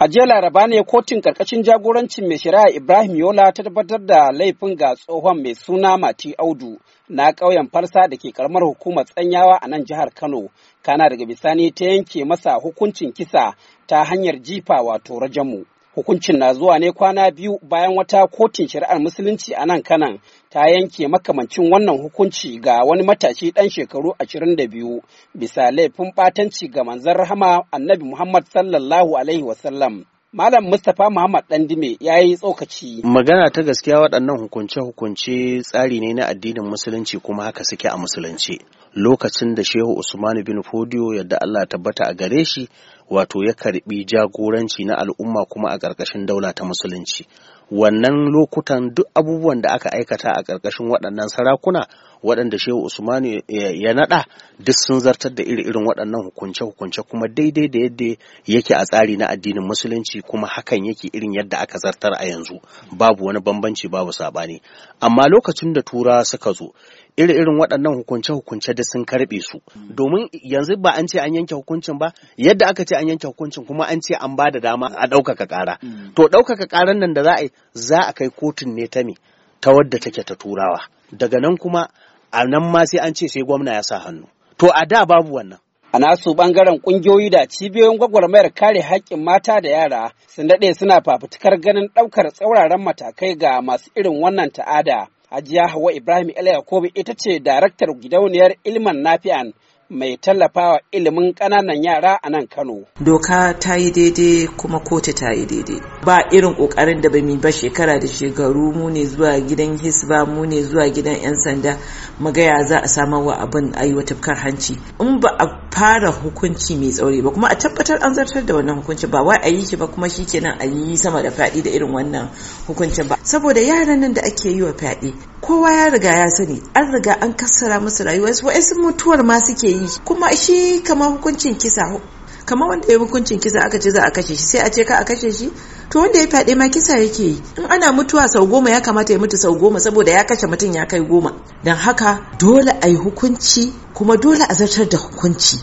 A jiya laraba ne kotun karkashin jagorancin mai shari'a Ibrahim Yola ta tabbatar da laifin ga tsohon mai suna Mati Audu na ƙauyen farsa da ke karamar hukumar tsanyawa a nan jihar Kano. Kana daga bisani ta yanke masa hukuncin kisa ta hanyar jifa wato rajamu. Hukuncin na zuwa ne kwana biyu bayan wata kotun shari'ar musulunci a nan kanan ta yanke makamancin wannan hukunci ga wani matashi ɗan shekaru 22 bisa laifin batanci ga manzon rahama annabi Muhammad sallallahu alaihi wasallam. Malam Mustapha Muhammad Dandime ya yi tsokaci. Magana ta gaskiya waɗannan hukunce-hukunce tsari ne na addinin Musulunci kuma haka suke a Musulunci. Lokacin da Shehu Usman bin Fodiyo yadda Allah tabbata a gare shi wato ya karbi jagoranci na al'umma kuma a ƙarƙashin daula ta musulunci wannan lokutan duk abubuwan da aka aikata a ƙarƙashin waɗannan sarakuna waɗanda shehu usmanu ya naɗa duk sun zartar da iri-irin waɗannan hukunce-hukunce kuma daidai da yadda yake a tsari na addinin musulunci kuma hakan yake irin yadda aka zartar a yanzu babu wani bambanci babu saɓani amma lokacin da turawa suka zo iri-irin waɗannan hukunce-hukunce da sun karɓe su domin yanzu ba an ce an yanke hukuncin ba yadda aka ce ce an yanke hukuncin kuma an ce an ba da dama a ɗaukaka ƙara mm. to ɗaukaka ƙaran nan da za a yi za a kai kotun ne ta me ta wadda take ta turawa daga nan kuma a nan ma sai an ce sai gwamna ya sa hannu to a da babu wannan A nasu bangaren ƙungiyoyi da cibiyoyin gwagwarmayar kare haƙƙin mata da yara sun daɗe suna fafutukar ganin ɗaukar tsauraran matakai ga masu irin wannan ta'ada. Hajiya Hawa Ibrahim El yakobi ita ce daraktar gidauniyar Ilman Nafi'an mai tallafawa ilimin ƙananan yara a nan Kano. Doka ta yi daidai kuma kotu ta yi daidai. Ba irin ƙoƙarin da bamu ba shekara da shekaru mu ne zuwa gidan hisba mu ne zuwa gidan 'yan sanda mu gaya za a samar wa abin ayi hanci. In ba a fara hukunci mai tsauri ba kuma a tabbatar an zartar da wannan hukunci ba wai a yi shi ba kuma shi kenan a yi sama da fyaɗe da irin wannan hukuncin ba saboda yaran nan da ake yi wa fyaɗe kowa ya riga ya sani an riga an kassara musu rayuwarsu wa'yansu mutuwar ma suke yi kuma shi kamar hukuncin kisa kamar wanda ya hukuncin kisa aka ce za a kashe shi sai a ce ka a kashe shi to wanda ya fyaɗe ma kisa yake yi in ana mutuwa sau goma ya kamata ya mutu sau goma saboda ya kashe mutum ya kai goma don haka dole a yi hukunci kuma dole a zartar da hukunci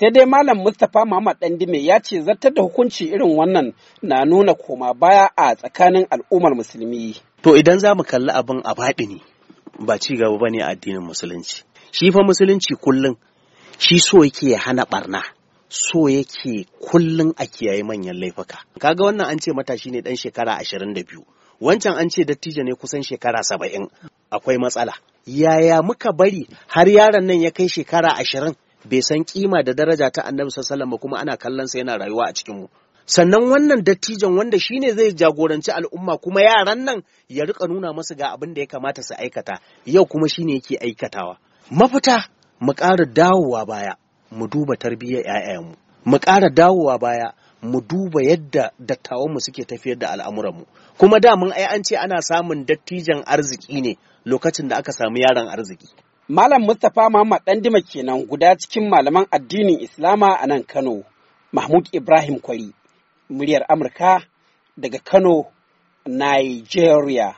sai dai malam mustapha muhammad dandime ya ce zartar da hukunci irin wannan na nuna koma baya a tsakanin al'ummar musulmi to idan za mu kalli abin a baɗi ne ba ci gaba ba ne a addinin musulunci shi fa musulunci kullum shi so yake ya hana barna so yake kullum a kiyaye manyan laifuka kaga wannan an ce matashi ne dan shekara ashirin da biyu wancan an ce dattijo ne kusan shekara saba'in akwai matsala yaya muka bari har yaron nan ya kai shekara ashirin bai san kima da daraja ta annabi sallallahu kuma ana kallon sa yana rayuwa a cikin mu sannan wannan dattijon wanda shine zai jagoranci al'umma kuma yaran nan ya rika nuna masu ga abin da ya kamata su aikata yau kuma shi ne yake aikatawa mafita mu ƙara dawowa baya mu duba tarbiyyar 'ya'yanmu mu ƙara dawowa baya mu duba yadda dattawanmu suke tafiyar da al'amuranmu kuma da mun ai an ce ana samun dattijan arziki ne lokacin da aka samu yaron arziki malam mustapha muhammad dandima kenan guda cikin malaman addinin islama a nan kano mahmud ibrahim kwari muryar amurka daga kano nigeria